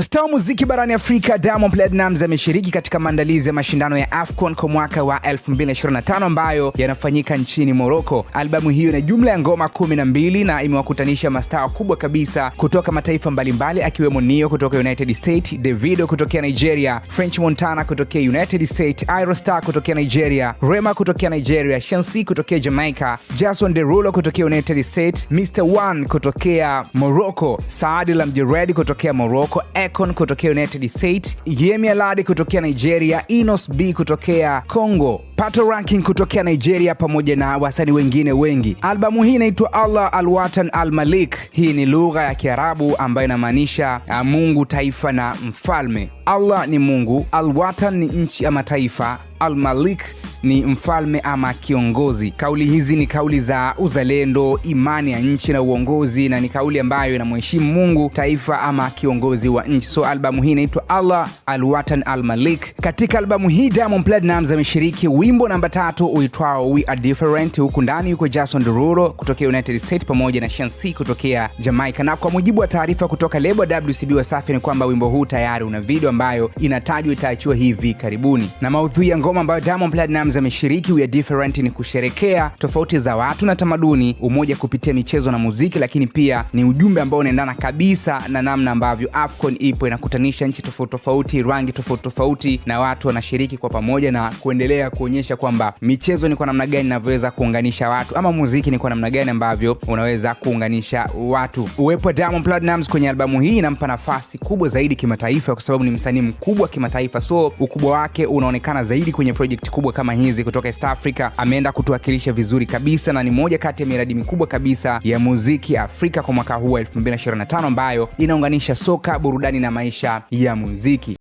Star wa muziki barani Afrika Diamond Platnumz ameshiriki katika maandalizi ya mashindano ya AFCON kwa mwaka wa 2025 ambayo yanafanyika nchini Morocco. Albamu hiyo ina jumla ya ngoma 12 na imewakutanisha mastaa wakubwa kabisa kutoka mataifa mbalimbali akiwemo Nio kutoka United States, Davido kutokea Nigeria, French Montana kutokea United States, Irostar kutokea Nigeria, Rema kutokea Nigeria, Shansi kutokea Jamaica, Jason Derulo kutokea United States, Mr One kutokea Morocco, Saadi Lamjered kutokea Morocco, Ekon kutokea United States, Yemi Alade kutokea Nigeria, Inos B kutokea Congo, Pato Ranking kutokea Nigeria, pamoja na wasanii wengine wengi. Albamu hii inaitwa Allah Alwatan Almalik. Hii ni lugha ya Kiarabu ambayo inamaanisha ah, Mungu, taifa na mfalme. Allah ni Mungu, Alwatan ni nchi ama taifa, Almalik ni mfalme ama kiongozi. Kauli hizi ni kauli za uzalendo, imani ya nchi na uongozi, na ni kauli ambayo inamheshimu Mungu, taifa ama kiongozi wa nchi. So albamu hii inaitwa Allah Alwatan Almalik. Katika albamu hii Diamond Platnumz ameshiriki wimbo namba tatu uitwao We Are Different. Huku ndani yuko Jason Derulo kutokea United States pamoja na C kutokea Jamaica, na kwa mujibu wa taarifa kutoka lebo WCB Wasafi ni kwamba wimbo huu tayari una video ambayo inatajwa itaachiwa hivi karibuni, na maudhui ya ngoma ambayo Diamond Platnumz Adams ameshiriki We Are Different ni kusherekea tofauti za watu na tamaduni, umoja kupitia michezo na muziki, lakini pia ni ujumbe ambao unaendana kabisa na namna ambavyo AFCON ipo inakutanisha nchi tofauti tofauti, rangi tofauti tofauti, na watu wanashiriki kwa pamoja na kuendelea kuonyesha kwamba michezo ni kwa namna gani inavyoweza kuunganisha watu ama muziki ni kwa namna gani ambavyo unaweza kuunganisha watu. Uwepo wa Diamond Platnumz kwenye albamu hii inampa nafasi kubwa zaidi kimataifa, kwa sababu ni msanii mkubwa kimataifa, so ukubwa wake unaonekana zaidi kwenye project kubwa kama Hizi kutoka East Africa ameenda kutuwakilisha vizuri kabisa na ni moja kati ya miradi mikubwa kabisa ya muziki Afrika kwa mwaka huu wa 2025 ambayo inaunganisha soka, burudani na maisha ya muziki.